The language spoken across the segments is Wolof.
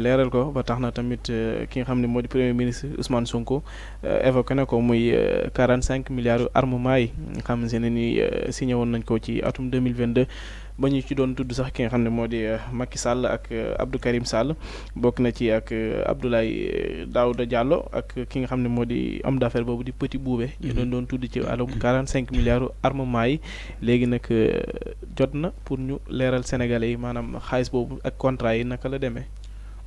leeral ko ba tax na tamit euh, ki nga xam ne moo di premier ministre Ousmane Sonko euh, évoqué na ko muy euh, quarante cinq milliards armement yi nga xam ne ni signé woon nañ ko ci atum deux mille vingt deux ba ñu ci doon tudd sax ki nga xam ne moo di Macky Sall ak Abdou Karim Sall bokk na ci ak Abdoulaye Daouda Diallo ak ki nga xam ne moo di homme daffaire boobu di Petit Boubé. ñu doon mhm. doon tudd ci wàllum mhm. quarante cinq milliards armement yi léegi nag jot na pour ñu leeral sénégalais yi maanaam xaalis boobu ak contrat yi naka la demee.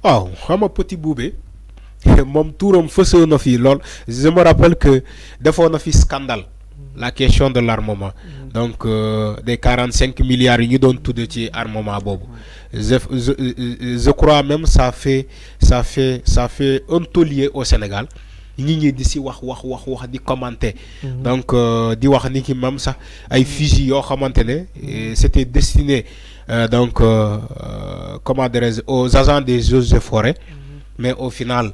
waaw xam Petit Boubé moom tuuram fësoo na fi lol je me rappelle que on na fi scandale la question de l'armement mm. donc euh, des 45 milliards yi ñu tout de suite armement boobu je je crois même ça fait ça fait ça fait un taulier au Sénégal ñi ñi di si wax wax wax wax di commenter mm-hmm. donc euh, di wax ni ki même sax ay fusil mm-hmm. c'était destiné euh, donc, euh, euh, comment dire aux agents des eaux de forêt mhm. mais au final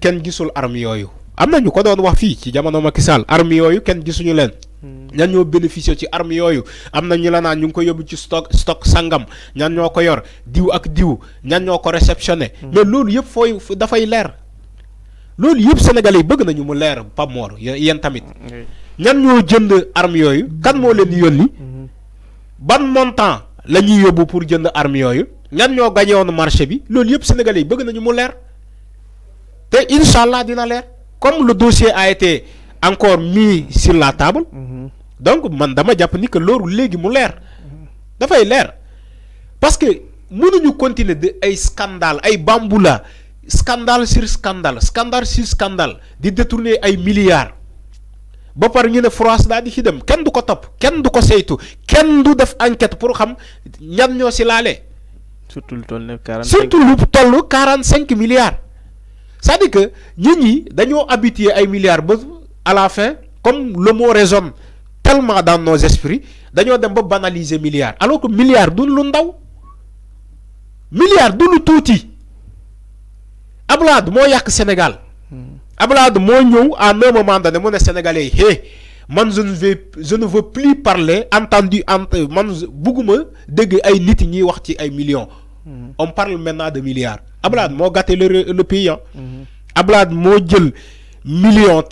Ken gisul arme yooyu am na ñu ko doon wax fii ci jamono Macky Sall arme yooyu kenn gisuñu leen. Mhm. ñan ñoo bénéficié ci arme yooyu am na ñu la naan ñu ngi ko yóbbu ci stock stock sangam ñan ñoo ko yor diw ak diw ñan ñoo ko réceptionné. Mhm. mais loolu yëpp fooy dafay leer. loolu yëpp Sénégalais yi bëgg nañu mu leer pa Mor yéen tamit. ñan ñoo jënd arme yooyu kan moo leen di yónni. ban montant la ñuy yóbbu pour jënd armes yooyu ñan ñoo gagné woon marché bi loolu yëpp sénégalais yi bëgg nañu mu leer te inshallah dina leer comme le dossier a été encore mis sur la table. Mhm. donc man dama japp ni que loolu léegi mu leer. dafay leer parce que mënuñu continuer de ay scandale ay bambula scandale sur scandale scandale sur scandale di détourner ay milliards ba par ñu né France daal di ci dem kenn du ko topp kenn du ko saytu kenn du def enquête pour xam ñan ñoo si laalee. surtout lu toll ne surtout lu toll 45 milliards. c'est-à-dire que nit ñi dañoo habitué ay milliards ba à la fin comme le mot résonne tellement dans nos esprits dañoo dem ba banaliser milliards alors que milliards du lu ndaw milliards du lu tuuti Ablaye moo yàq Sénégal. Ablad un moment donné sénégalais je ne veux plus parler entendu entre man veux ay nit ñi millions. Mm-hmm. on parle maintenant de milliards. Mm-hmm. moi je le pays je hein. mm-hmm. jël millions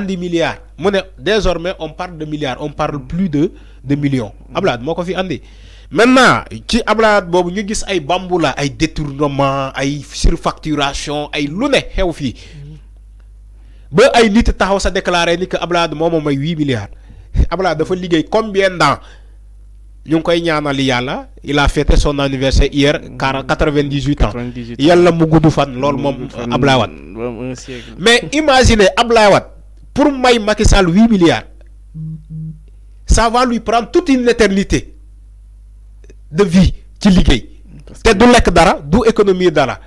des milliards monnaie désormais on parle de milliards on parle plus de de millions Ablad, mon ko fi andi maintenant qui ablad, boobu ñu gis ay bambula ay détournement ay surfacturation ay lunet ne xew fii ba ay nit taxaw sa déclaré ni que ablad mon moment milliards Ablad dafa liggéey combien d'ans ñu ngi koy ñaanal Yalla, il a fêté son anniversaire hier quarante 98 mm. ans Yalla mu gudd fan l'homme mom mais imaginez ablawat pour May Macky Sall 8 milliards, ça va lui prendre toute une éternité de vie. C'est de l'ec d'ara, d'où économie d'ara.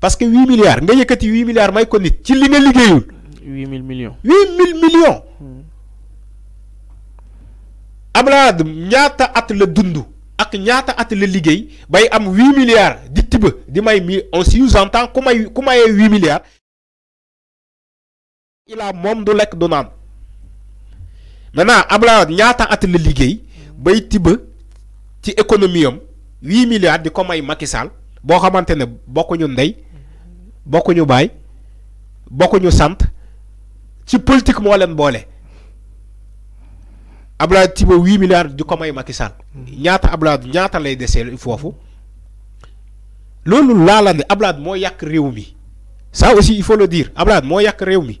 Parce que 8 milliards, n'ayez que 8 milliards, mais connaît, 8 l'y 8 000 millions. 8 000 millions. Hmm. Abraham, n'yata at le dundu, ak n'yata at le ligue, bay am 8 milliards, dit-il, dit on s'y entend, comment a 8 milliards? ilaa mom du lek du nan maintenant Abdoulaye Wade ñaata at la liggéey bay tibb ci économie 8 huit milliards di ko may Macky Sall boo xamante ne bokkuñu ndey bay baay ñu sante ci politique mo leen bolé Abdoulaye tibb huit milliards di ko may Macky Sall ñaata Abdoulaye ñaata lay desee fofu loolu laa la ne Abdoulaye mo yak réew mi ça aussi il faut le dire Abdoulaye moo yàq réew mi.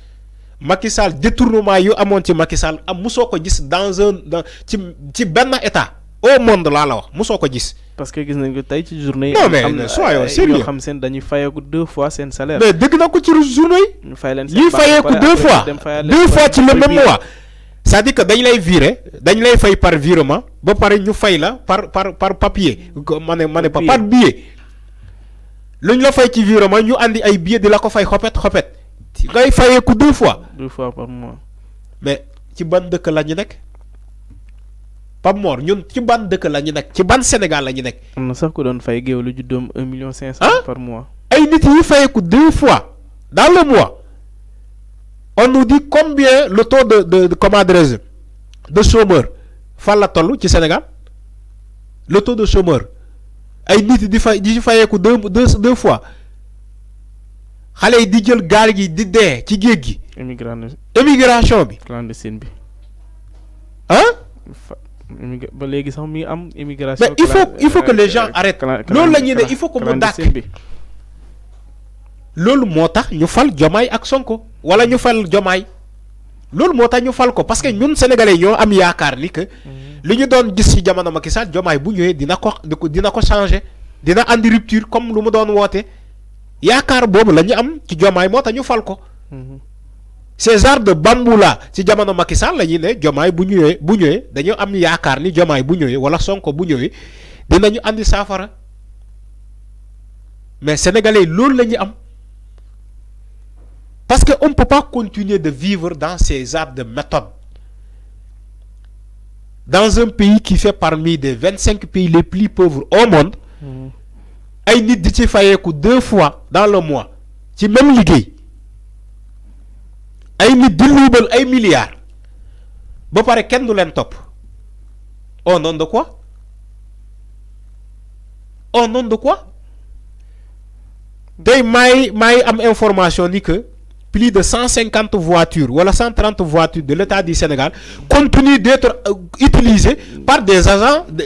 Macky Sall détournement yu amoon ci Macky Sall am musoko gis dans un dans ci ci état au monde la la wax musoko gis. parce que gis nañ ko tay ci journée. non mais soyons sérieux yoo xam seen dañuy ko deux fois seen salaire. mais dégg na ko ci journée ñu fay leen deux fois deux fois ci le même mois. c'est-à-dire que dañ lay virer dañ lay fay par virement ba par ñu fay la par par par papier. mané mané pas ne par billet. luñ la fay ci virement ñu andi ay billet di la ko fay xopet xopet ngay écouter deux fois. deux fois par mois. mais ci ban que la ñu pas mort Mor ñun ci ban dëkk la ñu bande ci ban Sénégal lañu nek nekk. am na sax ko doon fay géew lu juddoom un million cinq ah! par mois. ay nit yi ko deux fois dans le mois on nous dit combien le taux de de de comment de chômeur fa la tollu ci Sénégal le taux de chômeur ay nit di fay di fayeeku deux deux deux fois les di jël gaal gi di dee ci géej gi. bi. clandestine hein? mais il faut il faut que les gens euh, arrêtent. loolu la ñuy il faut que ñu fal ak Sonko wala ñu fal jomaay loolu moo ñu fal ko parce que ñun sénégalais ñoo am yaakaar ni que. Mhm. li ñu gis ci jamono Macky Sall bu dina changer dina rupture comme lu yaakaar boobu la am ci jomaay moo tax César de Bambou ci jamono Macky Sall la ñuy ne jomaay bu ñëwee bu ñëwee dañu am ni bu wala Sonko bu ñëwee dinañu andi mais sénégalais loolu am parce que on peut pas continuer de vivre dans ces arbres de méthode dans un pays qui fait parmi des 25 pays les plus pauvres au monde. Mm-hmm ay nit di ci fayeku deux fois dans le mois ci même liguey ay nit di luubal ay milliards ba pare kenn du len top. au nom de quoi au nom de quoi tey may may am information ni que plus de 150 voitures, voilà 130 voitures de l'État du Sénégal, continuent d'être euh, utilisées par des agents, de,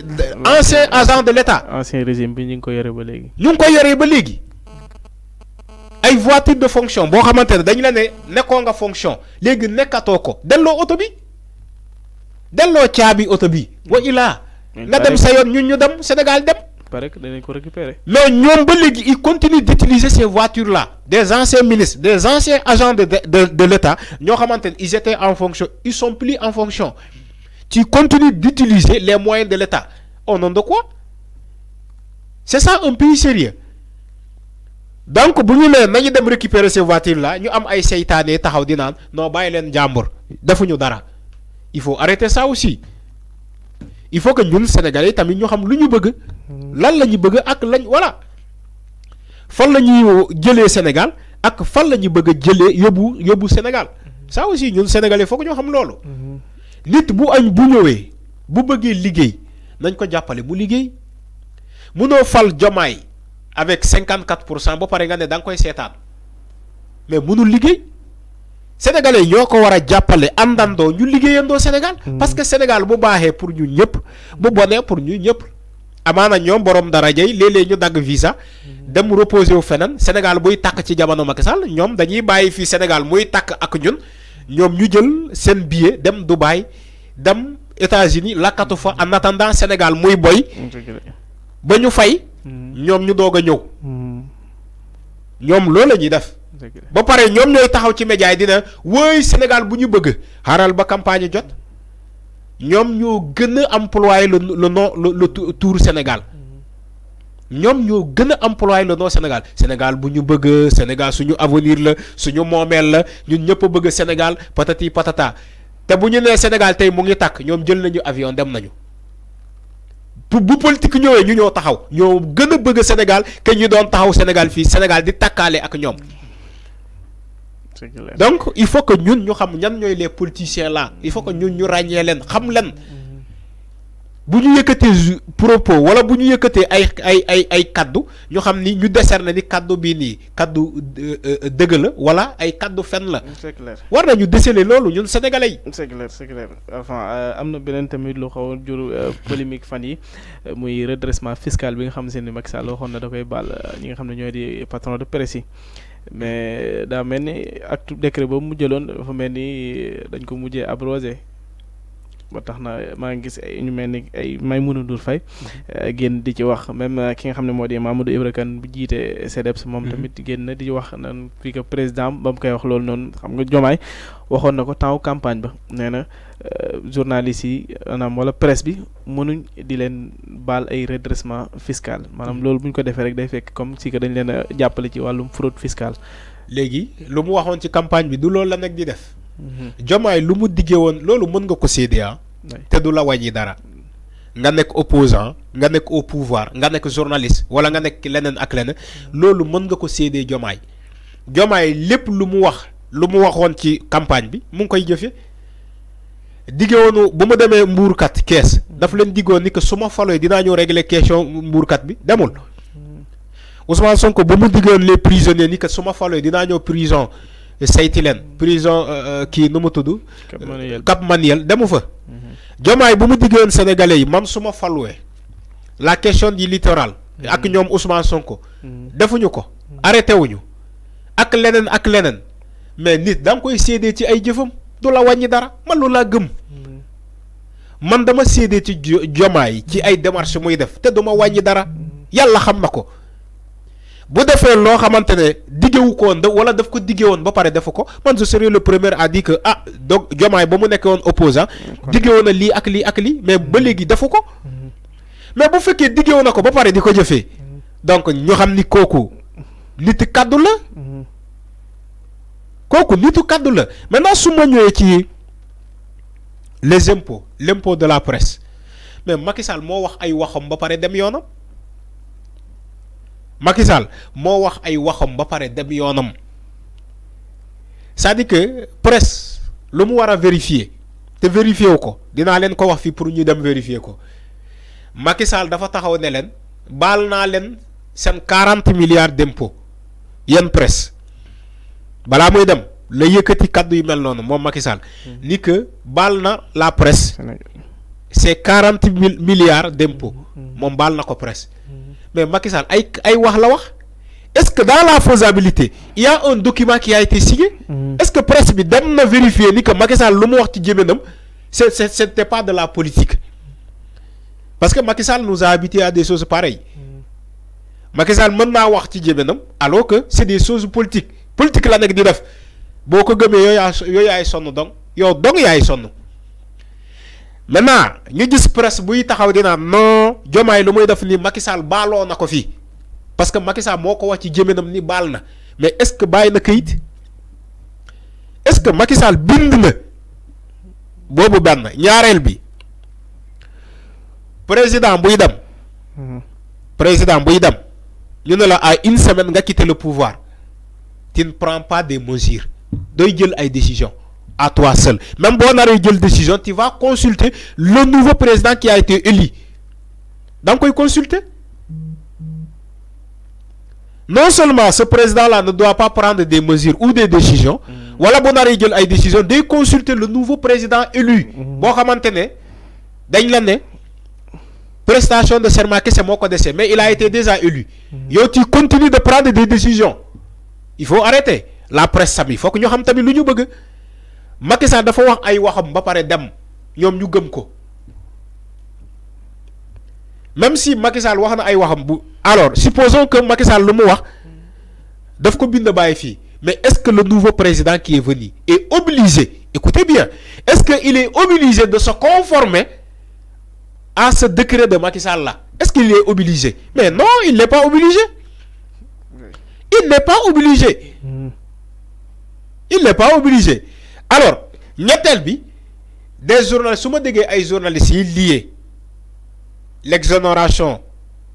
anciens agents de l'État. Ancien régime, nous ay voiture de fonction bon la ne nga fonction Sénégal récupérer. mais ñoom d'utiliser ces voitures là des anciens ministres des anciens agents de de l'État ñoo ils étaient en fonction ils sont plus en fonction tu continues d'utiliser les moyens de l'État au nom de quoi c'est ça un pays sérieux donc si nous nee récupérer ces voitures là nous avons essayé de taxaw di non dara il faut arrêter ça aussi il faut que ñun sénégalais tamit ñu xam lu ñu bëgg lan lañu bëgg ak voilà fan la jëlé Sénégal ak fan lañu bëgg jëlé yobu yobu Sénégal ça aussi ñun sénégalais faut ñu xam lolu nit bu añ bu bu bëggé liggéey nañ ko avec 54% mais nous sénégalais ñoo ko war a jàppale àndandoo ñu liggéeyandoo Sénégal. Hmm. parce que Sénégal bu baaxee pour ñu ñëpp. bu bonee pour ñu ñëpp. amaana ñoom boroom daraja yi léeg ñu dagg visa. Hmm. dem reposé wu feneen Sénégal buy tàkk ci jamono Macky Sall ñoom dañuy bàyyi fii Sénégal muy takk ak ñun ñoom ñu jël seen billet dem Dubaï dem États-Unis lakkatu fa en attendant Sénégal muy boy. ba ñu fay. Hmm. ñoom ñu doog a ñëw. ñoom loolu la ñuy def. ba pare ñoom ñooy taxaw ci média dina wooy Sénégal bu ñu bëgg xaaral ba campagne jot ñoom ñoo gën a employé le le tour Sénégal mm-hmm. ñoom gën a employé le nom Sénégal Sénégal bu ñu bëgg Sénégal suñu avenir la suñu moomeel la ñun ñëpp bëgg Sénégal patati patata te bu ñu nee Sénégal tey mu ngi tàkk ñoom jël nañu avion dem nañu. bu politique ñëwee ñu ñoo taxaw ñoo gën a bëgg Sénégal que ñu doon taxaw Sénégal fii Sénégal di takkaale ak ñoom donc il faut que ñun ñu xam ñan ñooy les politiciens la il faut que ñun ñu ràññee leen xam leen bu ñu yëkkatee propos wala bu ñu yëkkatee ay ay ay ay kaddu ñu xam ni ñu décerner ni kaddu bii nii kaddu euh, euh, dëgg la wala ay kaddu fen la. c'est clair war nañu déceler loolu ñun sénégalais yi. c'est clair c'est clair enfin euh, am na beneen tamit lu xaw a fan yi muy redressement fiscal bi nga xam ne Macky Sall waxoon na da koy baal ñi nga xam ne ñoo di patron de presse yi. mais daa mel ni acte décret boobu mu jëloon dafa mel ni dañ ko mujjee abrogé. moo tax na maa ngi gis ay ñu mel ni ay Maimouna Ndour Faye mhm. eh, génn di ci wax même eh, ki nga xam ne moo di Mamadou Ibra Kane bu jiite CDEPS moom mhm. tamit génn na di wax na fii que président ba mu koy wax loolu noonu xam nga jomaay waxoon na ko temps campagne ba nee na eh, journalistes yi maanaam wala presse bi mënuñ di leen baal ay redressement fiscal maanaam mhm. loolu bu ñu ko defee rek day fekk comme si que dañ leen a jàppale ci wàllum fraude fiscale léegi lu mu waxoon ci campagne bi du loolu la nag di def Diomaye lu mu diggee woon loolu mën nga ko séedee ah. te du la wàññi dara. nga nekk opposant nga nekk au pouvoir nga nekk journaliste wala nga nekk leneen ak leneen loolu mën nga ko séedee Diomaye Diomaye lépp lu mu wax lu mu waxoon ci campagne bi mu ngi koy jëfe diggoonu bu ma demee mbuurkat kees daf leen diggoon ni que su ma faloo dinaa ñëw régler question mbuurkat bi demul mm. Ousmane Sonko ba mu diggoon les prisonniers ni que su ma faloo dinaa ñëw prison. sayti leen prison euh, euh, kii nu mu tudd. Cap Manuel demu fa. Diomaye mhm. bu mu diggoon sénégalais yi man su ma falwee la question yi littoral. Mhm. ak ñoom Ousmane ko mhm. defuñu ko arrêté wuñu ak leneen ak leneen mais nit da koy séedee ci ay jëfam du la wàññi dara man lu laa gëm. man dama séedee ci Diomaye ci ay démarches muy def te du ma wàññi dara yàlla xam na ko. bu defee loo xamante ne ko woon wala daf ko digge ba pare defu ko man je le premier à dire que ah donc jomaay ba mu opposant ak ak mais ba léegi defu ko mhm. mais bu fekkee diggewu na ko ba pare di ko mhm. donc ñu xam ni nitu kaddu la mhm. kooku nitu kaddu la maintenant su ma les impôts l'impôt de la presse mais wax ay waxam ba pare dem Macky Sall moo wax ay waxam ba paré dem yoonam c'est-à-dire que presse lu mu vérifier te vérifier ko dina len ko wax fi pour ñu dem vérifier ko Macky Sall dafa taxaw ne len bal na len sen 40 milliards d'impôts yenn presse bala muy dem la yëkëti kàddu yu mel non moom Macky Sall hmm. ni que bal na la presse c'est quarante mille milliards d'impôts hmm. mon bal na ko presse. Hmm mais Macky Sall ay wax est-ce que dans la faisabilité il y a un document qui a été signé. Mm. est-ce que presse bi dem na vérifier ni que Macky Sall lu wax c'était pas de la politique parce que Macky Sall nous a habités à des choses pareilles. Mm. Macky Sall mën wax ci alors que c'est des choses politiques politique la nekk di def boko ko yo ya yo yaay sonn donc maintenant ñu gis presse buy taxaw dina non jomaay lu muy def ni Macky Sall baaloo na ko parce que Macky Sall moo ko wax ci gémminam ni baal mais est-ce que bàyyi na këyit est-ce que Macky Sall bind na boobu benn ñaareel bi président buy dem hmm. président Bouydam, dem ñu ne a à une semaine nga quitter le pouvoir tu ne prends pas des mesures doy jël ay décisions à toi seul. Même si on a décision, tu vas consulter le nouveau président qui a été élu. Donc, il consulte. Non seulement ce président-là ne doit pas prendre des mesures ou des décisions, mm. voilà, bon, on a une décision de consulter le nouveau président élu. Mm. prestation de serment, c'est mais il a été déjà élu. Et mm. tu continues de prendre des décisions. Il faut arrêter. La presse, il faut que nous sachions ce que Macky Sall dafa wax ay waxam ba dem ñu gëm ko même si Macky Sall wax na ay waxam alors supposons que Macky Sall lu mu mais est-ce que le nouveau président qui est venu est obligé écoutez bien est-ce qu'il est obligé de se conformer à ce décret de Macky là est-ce qu'il est obligé mais non il n'est pas obligé il n'est pas obligé hmm. il n'est pas obligé alors ñettel bi des journalistes suma ma ay journalistes yi lié l'exonération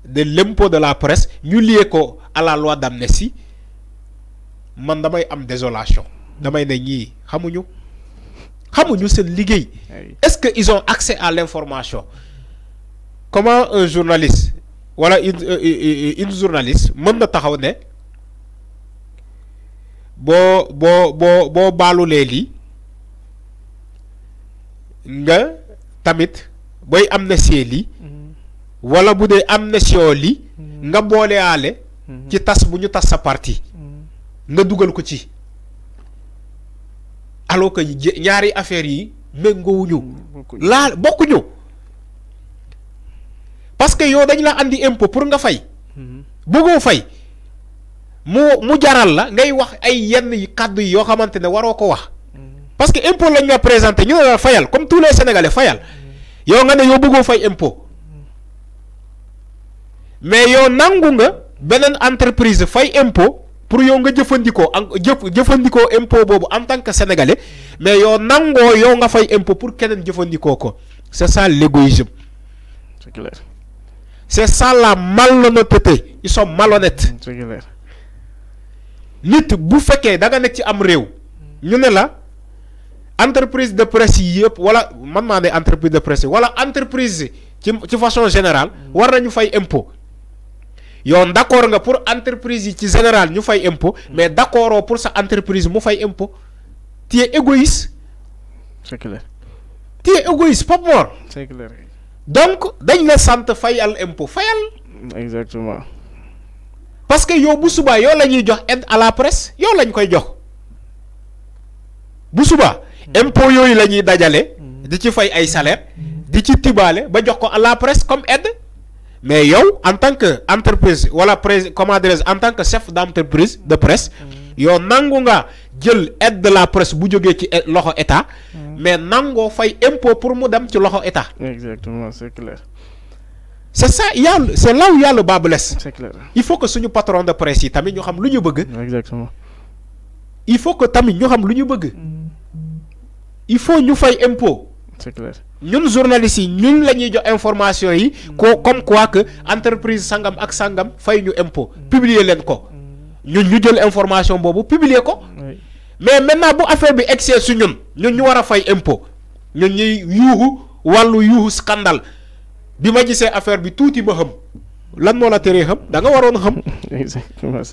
de l'impôt de la presse ñu lié ko à la loi d'amnistie man damay am désolation damay né ñi xamuñu xamuñu seen liggéey est-ce que ils ont accès à l'information comment un journaliste voilà une euh, euh, euh, une journaliste mën na taxaw ne bo bo bo boo baalulee li nga tamit booy amnistie lii mm-hmm. wala bu dee am amnistie li mm-hmm. nga booleaale mm-hmm. ci tas bu ñu tas sa parti nga dugal ko ci alors que ñaari affaire yi méngoowuñu laa bokkuñu parce que yow dañ la andi impôt pour nga fay bëggoo fay mu mu jaral la ngay wax ay yenn kàddu yi yoo xamante ne waroo ko wax parce que impôt lañ la présenté ñu ne la fayal comme tous les sénégalais fayal yow nga ne yow bëggoo fay impôt mais yow nangu nga beneen entreprise fay impôt pour yow nga jëfandikoo en impôt boobu en tant que sénégalais mais yow nangoo yow nga fay impôt pour keneen jëfandikoo ko c'est ça l'égoïsme. C'est clair. C'est ça la malhonnêteté ils sont malhonnêtes. C'est clair. nit bu fekkee da nga nekk ci am réew ñu la entreprise de presse voilà, wala man maa entreprise de presse voilà wala entreprise ci ci façon générale war nañu fay impôt yow d'accord nga pour entreprise yi ci général ñu fay impôt mais d'accord pour sa entreprise mu fay impôt tu es égoïste. C'est clair tu es égoïste pas c'est C'est clair donc dañ la sant fayal impôt fayal. exactement. parce que yow bu subaa yow la ñuy jox aide à la presse yow lañ koy jox bu impôt yooyu la ñuy dajale. di ci fay ay salaire di ci tibaale ba jox ko à la presse comme aide. mais yow en tant que entreprise wala prés comment dirais en tant que chef d' entreprise de presse. yow nangu nga jël aide de la presse bu jógee ci loxo état. mais nangoo fay impôt pour mu dem ci loxo état. exactement sa est clair. c' est ça y' a il faut que suñu patron de presse yi tamit ñu xam lu ñu bëgg. exactement il faut que tamit ñu xam lu ñu bëgg. Mm. il faut ñu fay impôt. c'est clair journalistes nous avons des information mm. comme quoi que entreprise sangam ak sangam fay impôt. Mm. publier leen ko. Mm. nous ñu information publier mais maintenant bu affaire bi excès su ñun ñun ñu Nous impôt ñun yuhu, walu yuhu scandale affaire bi tout ma xam lan mo la téré xam da nga waroon xam.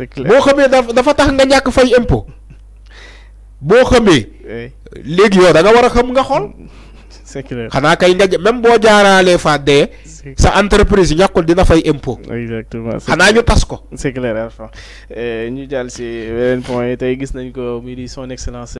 c'est impôt léegi yow da nga war a xam nga xool. c'est clair xanaa kay nga même boo jaaraalee fa dee. sa entreprise ñàkkul dina fay impôt. exactement xanaa ñu tas ko. c'est clair euh, ñu jàll si beneen point tey gis nañ ko mii di son excellence.